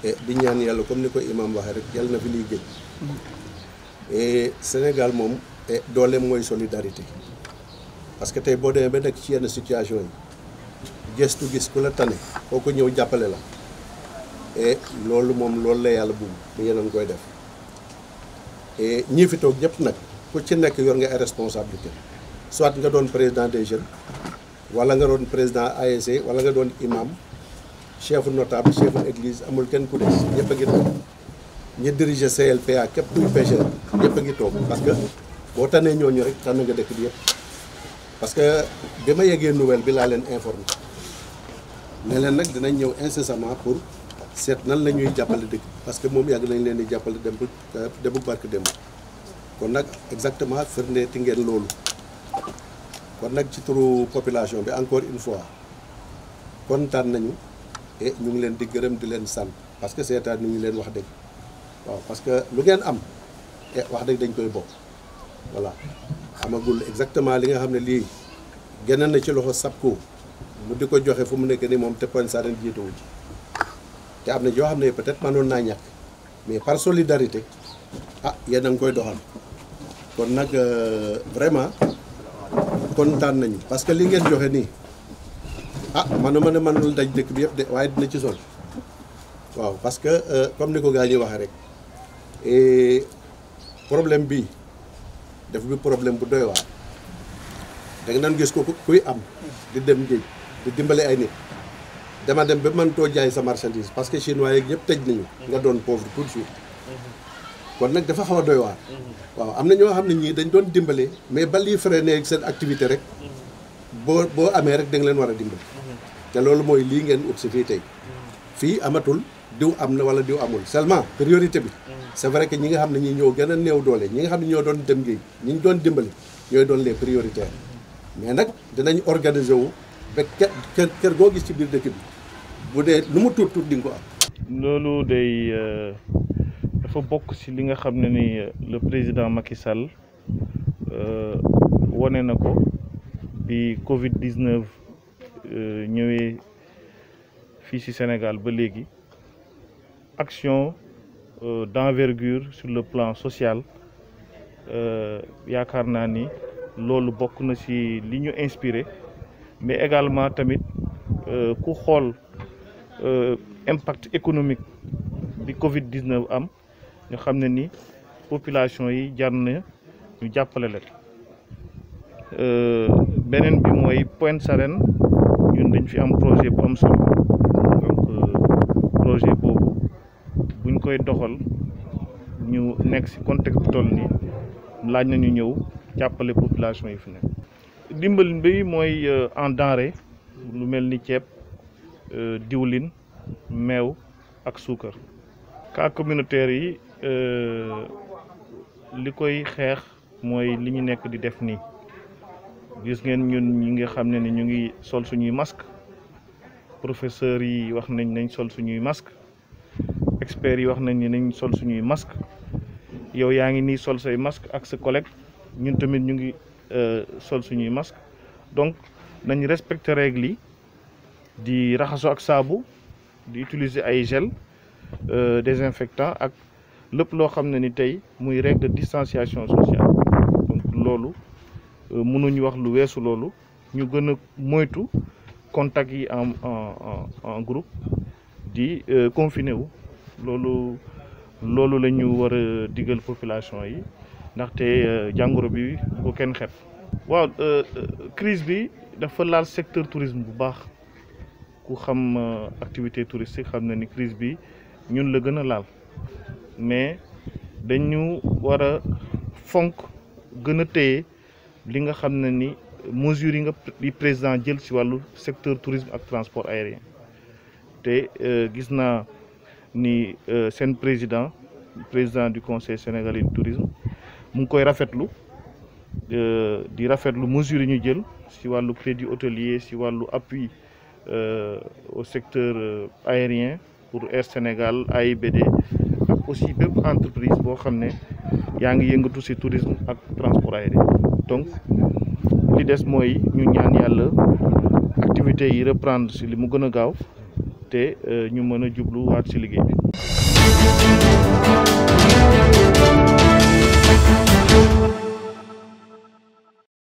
Eh, di yaan yàlla comme ni ko imaam waxee rek yàlla na fi liy géej eh, Sénégal moom eh, dooleem mooy solidarité parce que tey boo demee ba nekk ci yenn situation yi gestu gis ku la tane ko ñëw jàppale la et loolu moom loolu la yàlla bugg te yeneen koy def et ñii fi toog ñëpp nag ku ci nekk yor nga ay responsabilité soit nga doon président des jeunes wala nga doon président ASC e, wala nga doon imam chef notable chef église amul ken ku dess ñepp gi tok ñi diriger CLPA kep duy pêché ñepp gi tok parce que bo tané ñoñu rek tan nga dekk bi yépp parce que bima yégué nouvelle bi la leen informé né leen nak dinañ ñëw incessamment pour set nan lañuy jappalé dekk parce que mom yag nañ leen di jappalé dem eh, dem barke dem kon nak exactement firné ti ngeen lolu kon nak ci turu population bi encore une fois kon tan nañu et ñu ngi leen di gërëm di leen sant parce que seetaan ñu ngi leen wax dëgg waaw parce que lu ngeen am et wax dëgg dañ koy bokk voilà amagul exactement li nga xam ne lii genn na ci loxo sapku mu di ko joxe fu mu nekk ni moom teppoon sa ren jiitewu ci te am na joo xam ne peut être manoon naa ñàkk mais par solidarité ah yéen a ngi koy doxal kon nag eh, vraiment kontaan nañu parce que li ngeen joxe nii ah man na mën a mënul daj dëkk bi yëpp de waaye dina ci sol waaw parce que euh, comme ni ko gaa ñuy waxee rek eh, problème bi def bi problème bu doy waar da naan gis ko kuy am di dem géej di dimbale ay nit dama dem ba man too jaay sa marchandise parce que chinois yeeg yëpp tëj nañu nga doon pauvre tout de kon nag dafa xaw a doy waar waaw am na ñoo xam ne ñii dañ doon dimbale mais ba lii ne seen activité rek boo boo amee rek da leen war a dimbale te loolu mooy lii ngeen ut si fii tey fii amatul diw am na wala diw amul seulement priorité bi mm. c'est vrai que ñi nga xam ne ñi ñoo gën a néew doole ñi nga xam ne ñoo doon dem géej ñi ñu doon dimbali ñooy doon les prioritaires mais nag dinañ organiser wu ba kër kër goo gis ci biir dëkk bi bu dee lu mu tuut tuut di nga ko am loolu day euh, dafa bokk ci li nga xam ne ni euh, le président Macky Sall euh, wane na ko bi Covid 19 Euh, ñëwee fi ci Sénégal ba légui action euh, d'envergure sur le plan social euh, yaakaar naa ni lolu bokku na ci inspiré mais également tamit ku euh impact économique bi Covid-19 am ñu xamné la ni population yi très ñu jappalé lé euh benen bi moy point Sarène ñun dañ fi am projet bu am solo euh, projet boobu buñ koy doxal ñu nekk ci contexte bu toll nii laaj ñëw jàppale population yi fi nekk. dimbal bi mooy euh, en denrée lu mel ni ceeb euh, diwlin meew ak suukar cas communautaire yi li koy xeex mooy li ñu nekk di def nii. gis ngeen ñun ñu nga xam ne ni ñu ngi sol suñuy masque professeurs yi wax nañ nañ sol suñuy masque experts yi wax nañ ni nañ sol suñuy masque yow yaa ngi nii sol say masque ak sa collègue ñun tamit ñu ngi euh, sol suñuy masque donc nañ respecter règles yi di raxasu ak saabu di utiliser ay gel euh, désinfectant ak lépp loo xam ne ni tey muy règle de distanciation sociale donc loolu Euh, mënuñ wax lu weesu loolu ñu gën a moytu contact yi en en en groupe di euh, confiné wu loolu loolu lañu ñu war a digal population yi ndaxte euh, jàngoro bi bu kenn xeeb. waaw crise bi dafa laal secteur tourisme bu baax ku xam activité touristique xam na ni crise bi ñun la gën a laal mais dañu war a fonk gën a téye. li nga xam ne ni mesures yi nga yi président jël si wàllu secteur tourisme ak transport aérien te euh, gis naa ni euh, seen président président du conseil sénégalais du tourisme mu ngi koy rafetlu euh, di rafetlu mesures yi ñu jël si wàllu crédit hôtelier si wàllu appui au secteur aérien pour Air Sénégal AIBD ak aussi bépp entreprise boo xam ne yaa ngi yëngatu si tourisme ak transport aérien donc li des mooy ñu ñaan yàlla activités yi reprendre si li mu gën a gaaw te euh, ñu mën a jublu waat ci liggéey bi